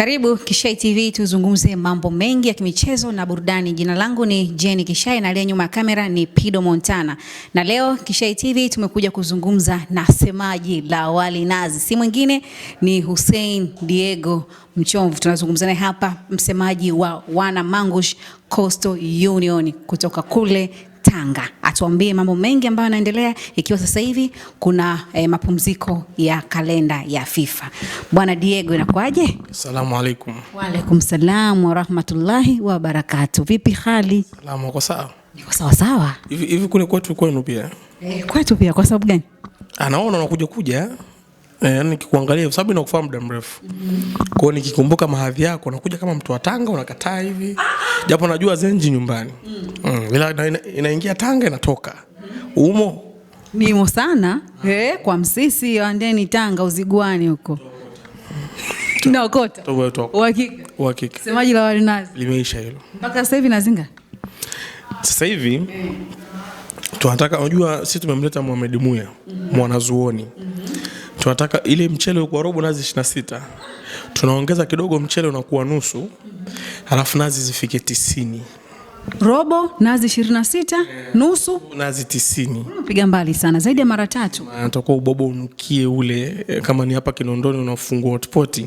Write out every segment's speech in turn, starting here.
Karibu Kishai TV tuzungumze mambo mengi ya kimichezo na burudani. Jina langu ni Jenny Kishai na aliye nyuma ya kamera ni Pido Montana, na leo Kishai TV tumekuja kuzungumza na semaji la awali nazi, si mwingine ni Hussein Diego Mchomvu. Tunazungumza naye hapa, msemaji wa wana Mangush Coastal Union kutoka kule Tanga atuambie mambo mengi ambayo yanaendelea, ikiwa sasa hivi kuna eh, mapumziko ya kalenda ya FIFA. Bwana Diego, inakuaje? Asalamu alaykum. Wa alaykum salaam wa rahmatullahi wa barakatuh. Vipi hali? Salamu, uko sawa? Niko sawa sawa. Hivi hivi kule kwetu kwenu pia? Eh, kwetu pia. Kwa sababu gani? Anaona ah, unakuja kuja eh, nikikuangalia kwa sababu inakufahamu muda mrefu. Kwa nikikumbuka mahadhi yako nakuja kama mtu wa Tanga unakataa hivi. Japo najua Zenji nyumbani. Mm. Ila inaingia Tanga inatoka. Umo nimo sana eh, kwa msisi andeni Tanga uziguani huko. Mm. Naokota. Uhakika. Uhakika. Semaji la wali nazi. Limeisha hilo. Mpaka sasa hivi nazinga. Sasa hivi eh. tunataka unajua sisi tumemleta Mohamed Muya mwanazuoni. Mm tunataka ile mchele ukuwa robo nazi ishirini na sita tunaongeza kidogo, mchele unakuwa nusu, halafu nazi zifike tisini robo nazi 26 nusu nazi 90. Piga mbali sana zaidi ya mara tatu, natakuwa ubobo unukie ule. Eh, kama ni hapa Kinondoni, unafungua hotpoti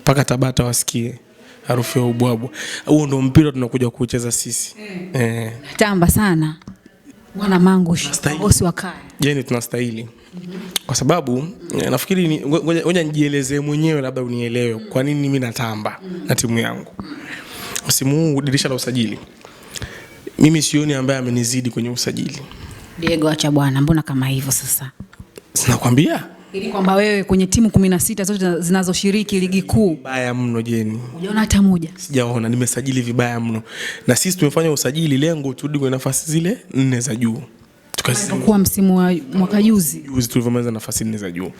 mpaka Tabata wasikie harufu ya ubwabwa. Huo ndio mpira tunakuja kucheza sisi e. E. Tamba sana mwana mangu bosi wa kaya, jeni yaani tunastahili kwa sababu eh, nafikiri, ngoja nijieleze mwenyewe, labda unielewe kwa nini mimi natamba na timu yangu msimu huu. Dirisha la usajili, mimi sioni ambaye amenizidi kwenye usajili. Diego, acha bwana, mbona kama hivyo sasa? Sinakwambia ili kwamba wewe kwenye timu 16 zote zinazoshiriki ligi kuu Baya mno Jeni, unaona hata moja sijaona. Nimesajili vibaya mno, na sisi tumefanya usajili, lengo turudi kwenye nafasi zile nne za juu. Tukakuwa msimu wa mwaka juzi juzi tulivyomaliza nafasi nne za juu.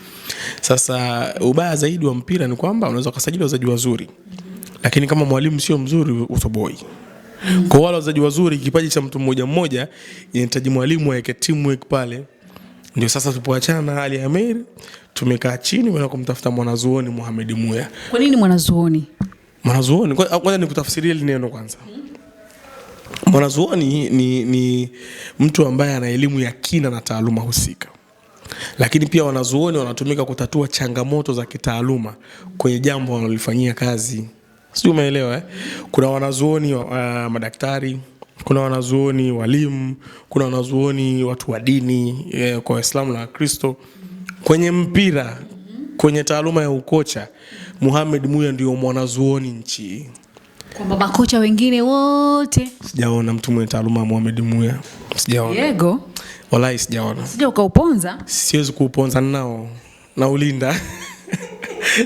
Sasa ubaya zaidi wa mpira ni kwamba unaweza kusajili wazaji wazuri, lakini kama mwalimu sio mzuri utoboi. Mm. Kwa wale wazaji wazuri, kipaji cha mtu mmoja mmoja inahitaji mwalimu aweke teamwork pale. Ndio sasa tupoachana na Ali Amir, tumekaa chini wala kumtafuta mwanazuoni Mohamed Muya. Kwa nini mwanazuoni? Mwanazuoni kwanza nikutafsiria ile neno kwanza. Hmm. Mwanazuoni ni, ni mtu ambaye ana elimu ya kina na taaluma husika, lakini pia wanazuoni wanatumika kutatua changamoto za kitaaluma kwenye jambo wanalolifanyia kazi. Sijui umeelewa eh? Kuna wanazuoni uh, madaktari kuna wanazuoni walimu, kuna wanazuoni watu wa dini eh, kwa Waislamu na Wakristo. Kwenye mpira, kwenye taaluma ya ukocha, Muhammad Muya ndio mwanazuoni nchi kwamba makocha wengine wote sijaona mtu mwenye taaluma ya Mohamed Muya, sijaona Diego, wallahi sijaona. Sija ukauponza? Siwezi kuuponza nao na ulinda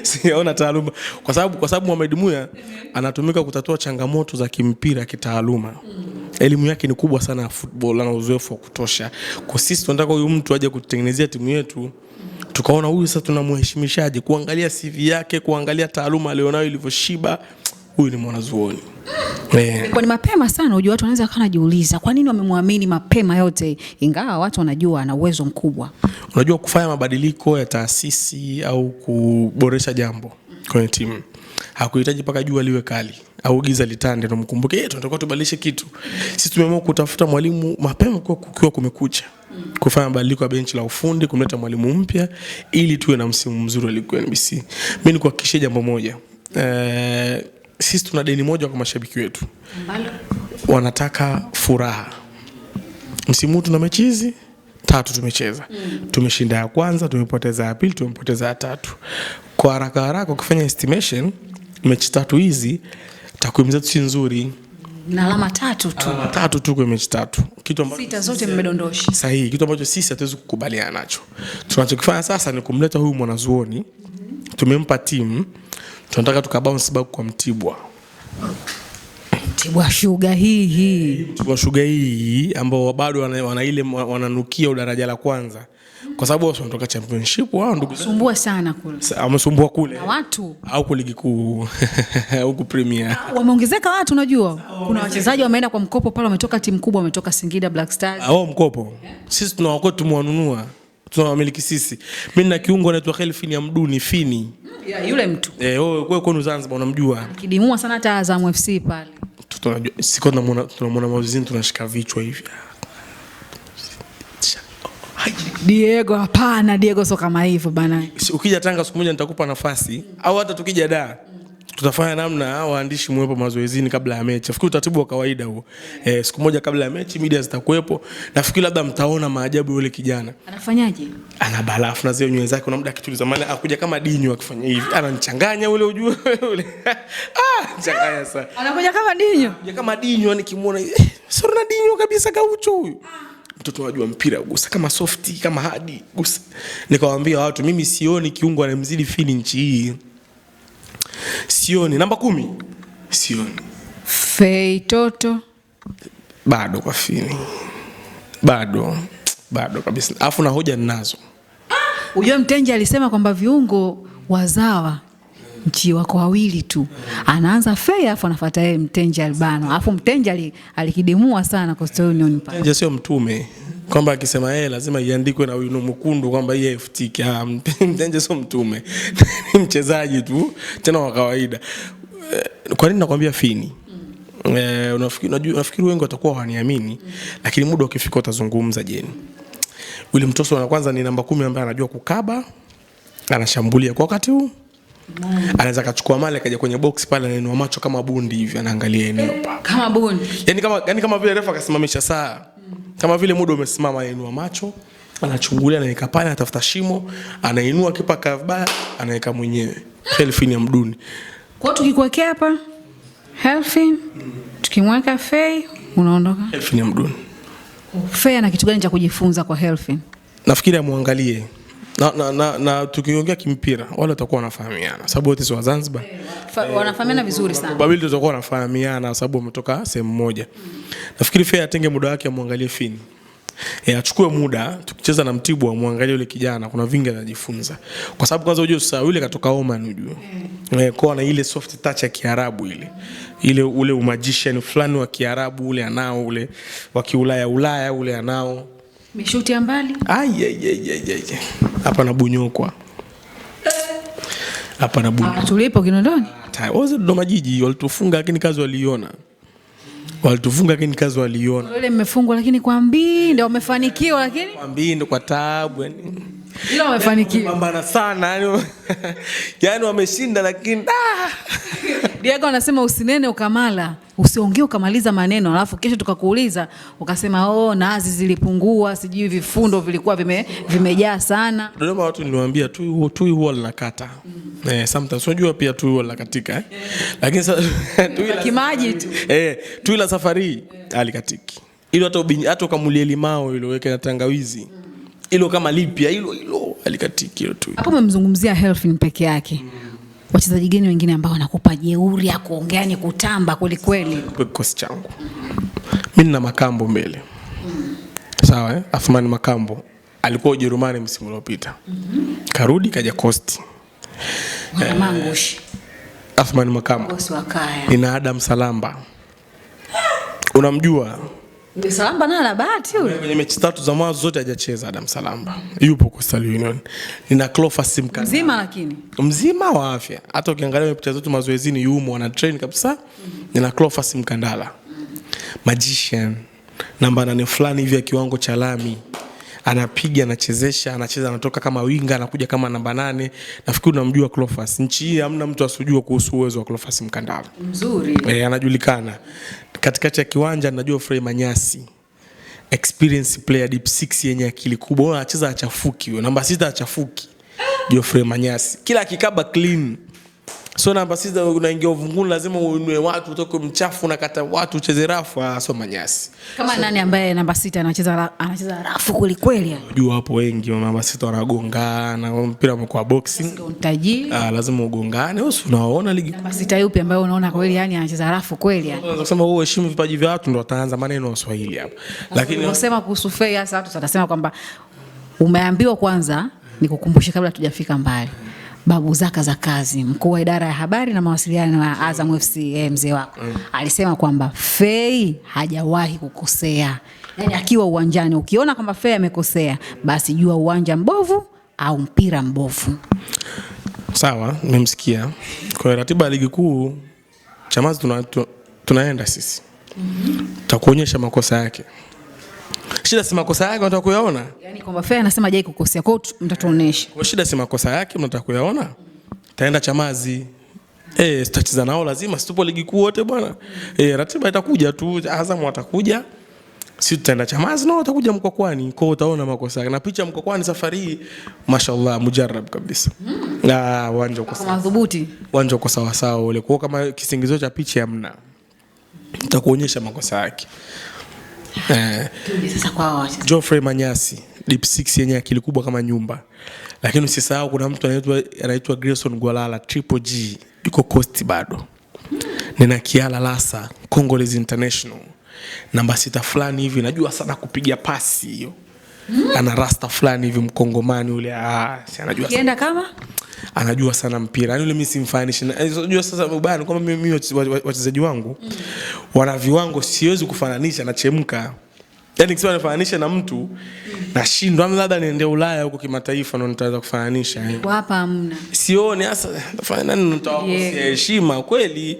sijaona taaluma kwa sababu kwa sababu Mohamed Muya anatumika kutatua changamoto za kimpira kitaaluma. mm. Elimu yake ni kubwa sana ya football, ana uzoefu wa kutosha. Kwa sisi tunataka huyu mtu aje kutengenezea timu yetu mm. tukaona huyu sasa tunamheshimishaje, kuangalia CV yake, kuangalia taaluma alionayo ilivyoshiba huyu ni mwanazuoni. Eh. kwa ni mapema sana ujua, watu wanaweza kana jiuliza kwa nini wamemwamini mapema yote, ingawa watu wanajua ana uwezo mkubwa. Unajua, kufanya mabadiliko ya taasisi au kuboresha jambo kwenye timu hakuhitaji mpaka jua liwe kali au giza litande na mkumbuke, yetu eh, tunataka tubadilishe kitu. Sisi tumeamua kutafuta mwalimu mapema kwa kukiwa kumekucha, kufanya mabadiliko ya benchi la ufundi, kumleta mwalimu mpya ili tuwe na msimu mzuri wa ligi ya NBC. Mimi nikuhakikishie jambo moja eh, sisi tuna deni moja kwa mashabiki wetu Mbalo. wanataka furaha. Msimu huu tuna mechi hizi tatu tumecheza mm. Tumeshinda ya kwanza, tumepoteza ya pili, tumepoteza ya tatu. Kwa haraka haraka ukifanya estimation, mechi tatu hizi takwimu zetu si nzuri na alama tatu tu, alama tatu tu kwa mechi tatu, kitu ambacho sita zote mmedondosha sahihi, kitu ambacho sisi hatuwezi kukubaliana nacho. Tunachokifanya sasa ni kumleta huyu mwanazuoni, tumempa timu tunataka tukabounce back kwa Mtibwa. Mtibwa shuga hii hii, Mtibwa shuga hii ambao bado wana, wana ile wananukia daraja la kwanza kwa sababu wao wanatoka championship wao ndugu sumbua sana kule. Amesumbua kule. Na watu au kwa ligi kuu huku premier. Ah, wameongezeka watu unajua. Kuna wachezaji wameenda kwa mkopo pale wametoka timu kubwa wametoka Singida Black Stars. Au mkopo. Sisi tunawakotu tumewanunua tunawamiliki sisi. Mimi na kiungo anaitwa Khelfin ya Mduni Fini. Yeah, yule mtu. Eh, wewe wewe Zanzibar unamjua. Kidimua sana hata Azam FC pale. Tunajua siko tunamwona tunamwona tunashika vichwa hivi. Diego, hapana Diego, sio kama hivyo bana. Ukija Tanga siku moja nitakupa nafasi mm. au hata tukija da Mm tutafanya namna waandishi muwepo mazoezini kabla ya mechi. Nafikiri utaratibu wa kawaida huo. Eh, siku moja kabla ya mechi media zitakuwepo. Nafikiri labda mtaona maajabu yule kijana. Anafanyaje? Ana barafu na zile nywele zake kuna muda akituliza mali akuja kama dinyo akifanya hivi. Ananichanganya ule ujue ule. Ah, changanya sana. Anakuja kama dinyo. Anakuja kama dinyo nikimuona. Eh, sio dinyo kabisa kaucho huyu. Mtoto wajua mpira gusa kama softi kama hadi gusa. Nikawaambia watu mimi sioni kiungo anamzidi Fili nchi hii. Sioni namba kumi, sioni Fei Toto bado kwa Fini, bado bado kabisa, alafu na hoja ninazo. Ujua mtenja alisema kwamba viungo wazawa mchi wako wawili tu, anaanza Fei afu anafuata yeye Mtenja Albano, afu Mtenja alikidemua sana Coastal Union pale. Mtenja sio mtume kwamba akisema yeye lazima iandikwe na wino mkundu kwamba yeye FT. kia ah, Mtenja sio mtume ni mchezaji tu tena wa kawaida. Eh, kwa nini nakwambia Fini? Eh, unafikiri unajua, wengi watakuwa waniamini, lakini muda ukifika utazungumza. Jeni Willy Mtoso na kwanza ni namba kumi ambaye anajua kukaba, anashambulia kwa wakati huu Mm. anaweza akachukua mali akaja kwenye box pale, ananua macho kama bundi hivi, anaangalia eneo kama bundi, yani kama, yani kama vile refa akasimamisha saa mm. kama vile muda umesimama, ananua macho anachungulia, anaweka pale, anatafuta shimo, anainua kipa kabaya, anaweka mwenyewe Helfin ya mduni. Kwa tukikuwekea hapa Helfin, mm. tukimweka Fei unaondoka. Helfin ya mduni. Fei ana kitu gani cha kujifunza kwa Helfin? Nafikiri amwangalie na, na, na, na tukiongea kimpira wale watakuwa wanafahamiana sababu wote si wa Zanzibar yeah. Eh, wanafahamiana vizuri sana babili tutakuwa wanafahamiana sababu wametoka sehemu moja mm. Nafikiri fair atenge muda wake amwangalie Fini E, eh, achukue muda tukicheza na Mtibwa amwangalie yule kijana, kuna vingi anajifunza, kwa sababu kwanza unajua sasa yule katoka Oman unajua mm. E, eh. eh, kwa na ile soft touch ya Kiarabu ile ile ule umajishani fulani wa Kiarabu ule anao ule wa Kiulaya Ulaya ule anao ya mbali. Ai ai ai ai Hapa nabonyokwa. Hapa ah, Tulipo Kinondoni? Wazee Dodoma jiji walitufunga lakini kazi waliona Walitufunga lakini kazi waliiona. Wale mmefungwa lakini kwa mbii ndio wamefanikiwa lakini kwa mbii ndio kwa taabu yani. Ila wamefanikiwa. Pambana sana yani. Yaani wameshinda lakini ah! Diego anasema usinene ukamala, usiongee ukamaliza maneno, alafu kesho tukakuuliza ukasema oh, nazi zilipungua, sijui vifundo vilikuwa vime, vimejaa sana. Dodoma watu niliwaambia tui huo tui huo linakata. Mm. Eh, sometimes unajua pia tui huo linakatika eh. Lakini sasa mm. tui la kimaji tu. Eh, tui la safari yeah. alikatiki. Ile hata ubinyi hata ukamulie limao ile weka na tangawizi. mm. ilo kama lipya ilo ilo alikatiki ilo tui. Hapo umemzungumzia Helfin peke yake. Mm wachezaji gani wengine ambao wanakupa jeuri ya kuongea ni kutamba kwelikweli? Kikosi changu mi nina makambo mbele mm. Sawa eh? Athmani Makambo alikuwa Ujerumani msimu uliopita mm -hmm. Karudi kaja Coast eh, Athmani Makambo Adam Salamba unamjua ndio Salamba na ana bahati yule. Kwenye mechi tatu za mwanzo zote hajacheza Adam Salamba. Yupo Coastal Union. Nina Cleophas Mkana. Mzima lakini. Mzima wa afya. Hata ukiangalia mechi zetu mazoezini yumo ana train kabisa. Nina Cleophas Mkandala. Mm Magician. Namba nane fulani hivi ya kiwango cha lami anapiga, anachezesha, anacheza, anatoka kama winga, anakuja kama namba nane. Nafikiri unamjua Clofas. Nchi hii hamna mtu asijue kuhusu uwezo wa Clofas Mkandala. Mzuri. E, anajulikana katikati ya kiwanja. Najua Frey Manyasi experience player deep six yenye akili kubwa, anacheza achafuki. Huyo namba sita achafuki, Geoffrey Manyasi kila akikaba clean so namba sita, unaingia uvunguni, lazima uinue watu, utoke mchafu, unakata watu, ucheze rafu, ah, so manyasi. Kama so, nani ambaye namba sita anacheza anacheza rafu kweli kweli? Unajua hapo wengi namba sita wanagongana, mpira mko boxing, utajiri ah, lazima ugongane, wewe unaona ligi. Namba sita yupi ambaye unaona kweli yani anacheza rafu kweli yani? Unasema wewe heshimu vipaji vya watu, ndo ataanza maneno ya Kiswahili hapa, lakini unasema kuhusu Fei, hasa watu watasema kwamba umeambiwa kwanza, nikukumbushe kabla tujafika mbali Babu Zaka za kazi, mkuu wa idara ya habari na mawasiliano ya Azam FC, eh, mzee wako mm. alisema kwamba Fei hajawahi kukosea, yani akiwa uwanjani ukiona kwamba Fei amekosea, basi jua uwanja mbovu au mpira mbovu. Sawa, nimemsikia. Kwa ratiba ya ligi kuu Chamazi tuna, tu, tunaenda sisi mm -hmm. takuonyesha makosa yake Shida si makosa yake unataka kuyaona? Yaani kwamba Fea anasema hajai kukosea. Kwa hiyo mtatuonesha. Kwa shida si makosa yake mnataka kuyaona? Taenda Chamazi. Eh, tutacheza nao lazima, situpo ligi kuu wote bwana. Eh, ratiba itakuja tu, Azam watakuja. Si tutaenda Chamazi nao watakuja Mkwakwani. Kwa hiyo utaona makosa yake. Na picha Mkwakwani safari hii mashallah mujarab kabisa. Na hmm. ah, uwanja uko sawa. Madhubuti. Uwanja uko sawa sawa ule. Kwa kama kisingizio cha picha hamna. Nitakuonyesha makosa yake. Geoffrey Manyasi Deep Six yenye akili kubwa kama nyumba, lakini usisahau kuna mtu anaitwa anaitwa Grayson Gwalala Triple G yuko Coast bado Nina Kiala Lasa Congolese International namba sita fulani hivi, najua sana kupiga pasi hiyo hmm? Ana rasta fulani hivi mkongomani yule, ah, si anajua sana. kama anajua sana mpira yani, yule mimi simfanishi. Unajua sasa bwana, kama mimi wachezaji wangu mm wana viwango siwezi kufananisha na Chemka. Yaani kisema nifananisha na mtu nashindwa, ama labda niende Ulaya huko kimataifa ndo nitaweza kufananisha. Eh. Kwa hapa hamna. Sioni hasa nafanya nani nitawakosea heshima kweli.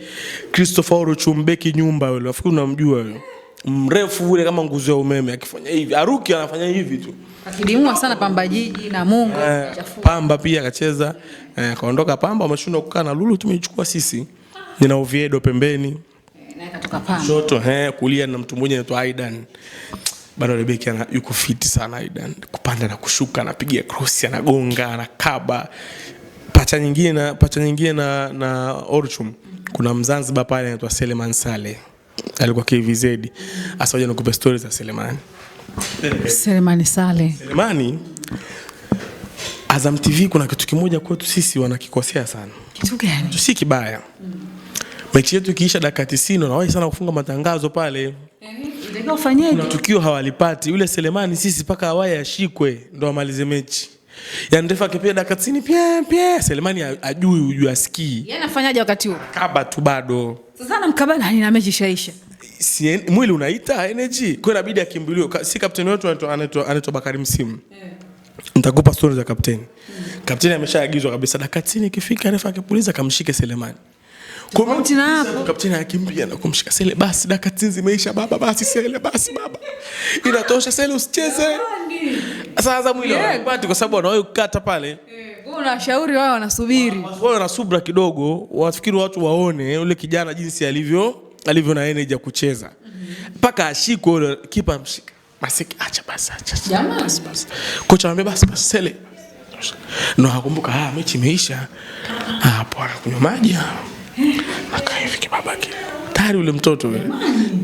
Christopher Oruchumbeki nyumba yule, nafikiri unamjua yule. Mrefu ule kama nguzo ya umeme akifanya hivi. Aruki anafanya hivi tu. Akidimua sana Pamba Jiji na Mungu eh, Pamba pia akacheza eh, kaondoka Pamba, ameshindwa kukaa na Lulu, tumeichukua sisi. Nina uviedo pembeni shoto he, eh, kulia na mtu mmoja anaitwa Aidan bado Rebeki yuko fiti sana Aidan, kupanda na kushuka, anapiga cross, anagonga, anakaba pacha nyingine na pacha nyingine na, na Orchum. Kuna Mzanzibar pale anaitwa Seleman Sale alikuwa KVZ. Asa hoja nikupe stories za Selemani. Selemani Sale. Selemani Azam TV kuna kitu kimoja kwetu sisi wanakikosea sana. Kitu gani? Si kibaya. Mm mechi yetu ikiisha dakika 90, unawahi sana kufunga matangazo pale na tukio hawalipati yule Selemani, sisi mpaka awaye ashikwe ndo amalize mechi. Yani refa akipia dakika tisini pia pia Selemani ajui ujui asikii. Yeye anafanyaje wakati huo? Kaba tu bado. Sasa anamkabala na mechi shaisha. Si mwili unaita energy. Kwa inabidi akimbiliwe. Si kapteni wetu anaitwa anaitwa Bakari Msimu. Yeah. Nitakupa story za kapteni. Mm. Kapteni ameshaagizwa kabisa dakika 90 ikifika refa akipuliza kamshike Selemani. Tofauti na hapo. Kapteni akimbia na kumshika Sele, basi dakika 90 zimeisha baba, basi Sele, basi baba. Inatosha Sele, usicheze. Sasa mwili ile wanapata kwa sababu wanawahi kukata pale. Eh, wewe unashauri wao wanasubiri. Wao wana subira kidogo, wafikiri watu waone yule kijana jinsi alivyo, alivyo na energy ya kucheza. Mpaka ashikwe yule kipa mshika Masiki acha basi acha. Jamaa. Kocha anambia basi basi Sele. Ndio hakumbuka, ah, mechi imeisha. Ah, anakunywa ah, maji hivi kibaba hatari ule mtoto yule.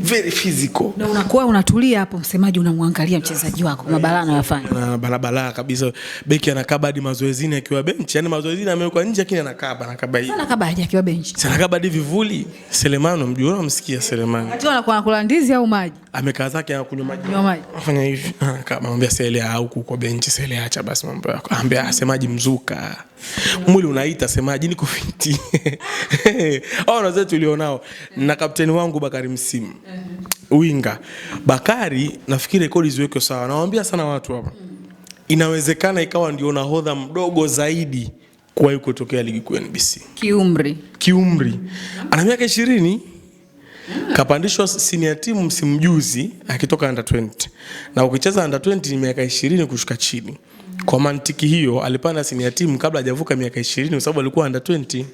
Very physical. Na unakuwa unatulia hapo, msemaji unamwangalia mchezaji wako mabala anayofanya. Na barabara kabisa. Beki anakaba hadi mazoezini akiwa benchi. Yaani mazoezini amewekwa nje lakini anakaba, anakaba hivi. Sana kaba akiwa benchi. Sana kaba hadi vivuli. Selemano mjua unamsikia Selemano. Ati anakuwa anakula ndizi au maji? Amekaa zake anakunywa maji. anakunywa maji. Anafanya hivi. Anakaba anambia Sele au kwa benchi Sele acha basi mambo yako. Anambia asemaji ah, mzuka. Mwili unaita semaji niko fiti. Hao zetu tulionao. Na kapteni wangu Bakari Msimu winga Bakari, nafikiri rekodi ziwekwe sawa. Nawaambia sana watu hapa, inawezekana ikawa ndio nahodha mdogo zaidi kuwahi kutokea ligi kuu NBC kiumri, kiumri ana miaka ishirini kapandishwa senior team msimu juzi akitoka under 20 na ukicheza under 20 ni miaka ishirini kushuka chini. Kwa mantiki hiyo alipanda senior team kabla hajavuka miaka 20 kwa sababu alikuwa under 20.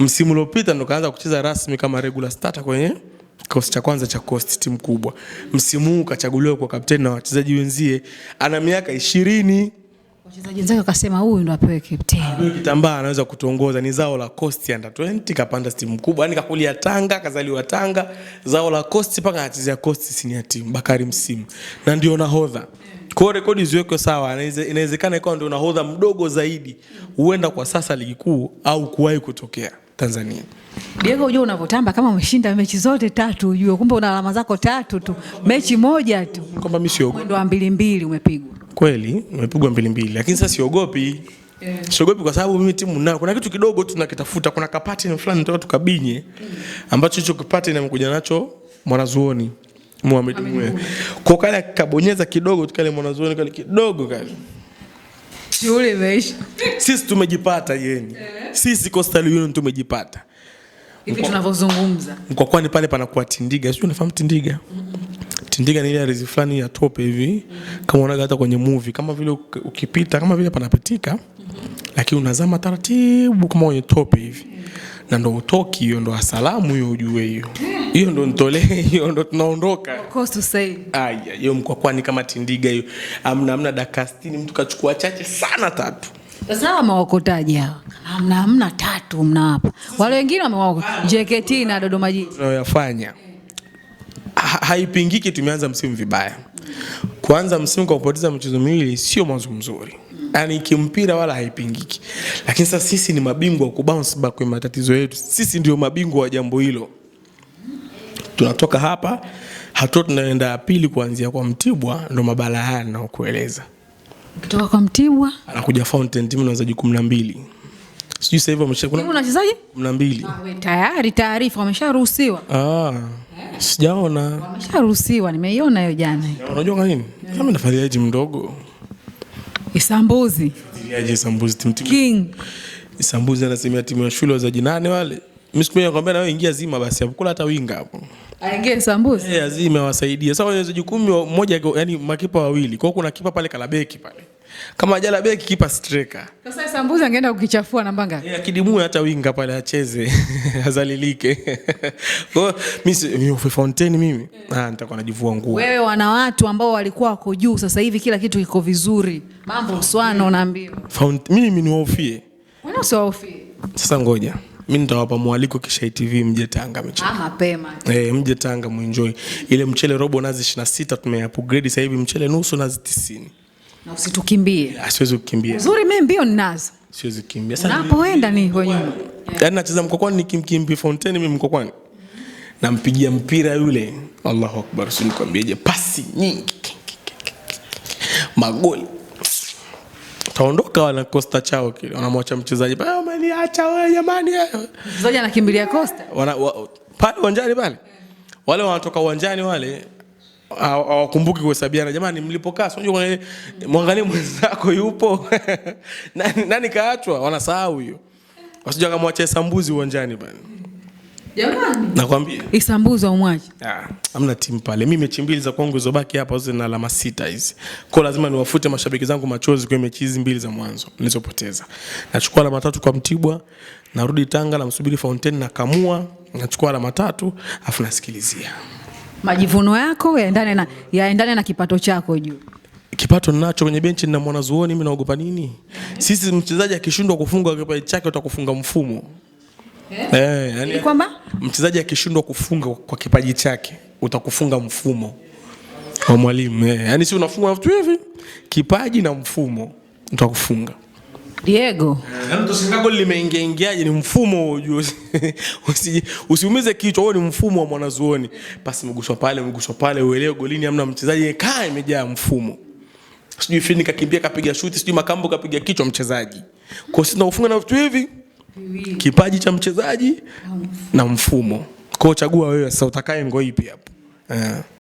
Msimu uliopita ndo kaanza kucheza rasmi kama regular starter kwenye kikosi cha kwanza cha Coast, team kubwa. Msimu huu kachaguliwa kwa kapteni na wachezaji wenzie, ana miaka 20. Wachezaji wenzake wakasema huyu ndo apewe captain. Huyu kitambaa anaweza kutuongoza, ni zao la Coast under 20, kapanda team kubwa. Yaani kakulia Tanga, kazaliwa Tanga, zao la Coast paka anachezea Coast senior team Bakari Msimu. Na ndio nahodha. Yeah. Kwa rekodi ziwekwe sawa, inawezekana ikawa ndio nahodha mdogo zaidi huenda kwa sasa ligi kuu au kuwahi kutokea Tanzania. Diego, unajua unavyotamba kama umeshinda mechi zote tatu, ujue kumbe una alama zako tatu tu, mechi moja tu, kwamba mimi siogopi. Ndio mbili mbili umepigwa kweli, umepigwa mbili mbili, lakini sasa siogopi Yeah. Siogopi kwa sababu mimi timu ninayo. Kuna kitu kidogo tu tunakitafuta, kuna kapati fulani tunataka tukabinye ambacho hicho kapati nimekuja nacho mwanazuoni. Muhammad Mwe. Kwa kale akabonyeza kidogo tukale mwanazuoni kale kidogo kale. Shule imeisha. Sisi tumejipata yeni. Eh? Sisi Coastal Union tumejipata. Hivi tunavyozungumza. Kwa kwani pale panakuwa Tindiga. Sio unafahamu Tindiga? Tindiga ni ile ardhi fulani ya tope hivi kama unaga hata kwenye movie kama vile ukipita kama vile panapitika lakini unazama taratibu kama kwenye tope hivi. Na ndo utoki hiyo ndo asalamu hiyo ujue hiyo. Eh hiyo ndo nitolee, hiyo ndo tunaondoka. Hiyo mkwakwani kama tindiga hiyo, amna amna, dakika sitini mtu kachukua chache sana, tatu sawa. mawakotaji hawa amna amna, tatu mnawapa wale wengine, wamewaoka JKT na Dodoma Jiji. Tunayoyafanya haipingiki, tumeanza msimu vibaya. Kuanza msimu kwa kupoteza michezo miwili sio mwanzo mzuri yani kimpira wala haipingiki, lakini sasa sisi ni mabingwa wa kubounce back kwenye matatizo yetu. Sisi ndio mabingwa wa jambo hilo tunatoka hapa, hatua tunaenda pili kuanzia kwa Mtibwa ndo mabala haya ninayokueleza. Kutoka kwa Mtibwa anakuja Fountain, timu na wachezaji 12. Sijui sasa hivi wameshakuna. Timu na wachezaji na Ah, tayari taarifa wamesharuhusiwa. Ah. Sijaona. Wamesharuhusiwa, nimeiona hiyo jana. Unajua kwa nini? Kama nafalia timu ndogo. Isambuzi. Iliaje Isambuzi timu timu. King. Isambuzi anasemea timu ya shule wachezaji nane wale. Mimi sikwenda kwambia na wewe ingia zima basi, hapo kula hata winga hapo aingie sambusa. Yeah, Azii imewasaidia sasa. Wenye jukumu mmoja, yani makipa wawili, kwa hiyo kuna kipa pale kalabeki pale kama jala beki kipa striker. Sasa sambusa angeenda kukichafua namba ngapi? Yeah, kidimue hata winga pale acheze azalilike. Kwa mimi mimi Fontaine mimi ah, nitakuwa najivua nguo. Wewe wana watu ambao walikuwa wako juu, sasa hivi kila kitu kiko vizuri, mambo mswano unaambiwa. Mimi ni mimi niwaofie. Wanaosiwaofie. Sasa ngoja mi nitawapa mwaliko kisha ITV mje Tanga mchele. Ah, mapema. Eh, mje Tanga muenjoy. Ile mchele robo nazi 26 upgrade sasa hivi mchele nusu nazi 90. Na usitukimbie. Ah, siwezi kukimbia. Uzuri mimi mbio ninazo. Siwezi kukimbia. Sasa napoenda ni huko nyuma. Yaani nacheza mkokwani nikimkimbi fountain mimi mkokwani. Nampigia mpira yule. Allahu Akbar, sinikwambieje pasi nyingi. Magoli wataondoka wana Costa chao kile, wanamwacha mchezaji pale, ah, umeniacha wewe jamani. Eh. Mchezaji anakimbilia Costa pale uwanjani pale, wale wanatoka uwanjani wale hawakumbuki kuhesabiana. Jamani, mlipokaa sio unajua mwangalie mwenzako yupo nani, nani kaachwa, wanasahau hiyo, wasije wacha sambuzi uwanjani bana. Jamani. Nakwambia. Isambuza umwaje? Ah, hamna timu pale. Mimi mechi mbili za kwangu zobaki hapa zina alama sita hizi. Kwa lazima niwafute mashabiki zangu machozi kwa mechi hizi mbili za mwanzo nilizopoteza. Nachukua alama tatu kwa Mtibwa, narudi Tanga na msubiri Fountain na kamua, nachukua alama tatu afu nasikilizia. Majivuno yako yaendane na yaendane na kipato chako juu. Kipato ninacho kwenye benchi na mwanazuoni, mimi naogopa nini? Sisi mchezaji akishindwa kufunga kipaji chake utakufunga mfumo. Eh, eh yani kwamba mchezaji akishindwa kufunga kwa kipaji chake utakufunga mfumo wa mwalimu eh. Yani si unafunga vitu hivi, kipaji na mfumo utakufunga. Diego yaani goli limeingia ingiaje? Ni mfumo ujue, usiumize kichwa. Huo ni mfumo wa mwanazuoni, pasi mguswa pale, mguswa pale, uelewe golini, amna mchezaji kaa, imejaa mfumo. Sijui Fini kakimbia, kapiga shuti, sijui Makambo kapiga kichwa mchezaji, kwa sisi tunaufunga na vitu hivi kipaji cha mchezaji na mfumo. Kwa chagua wewe sasa, utakaye ipi hapo. Eh.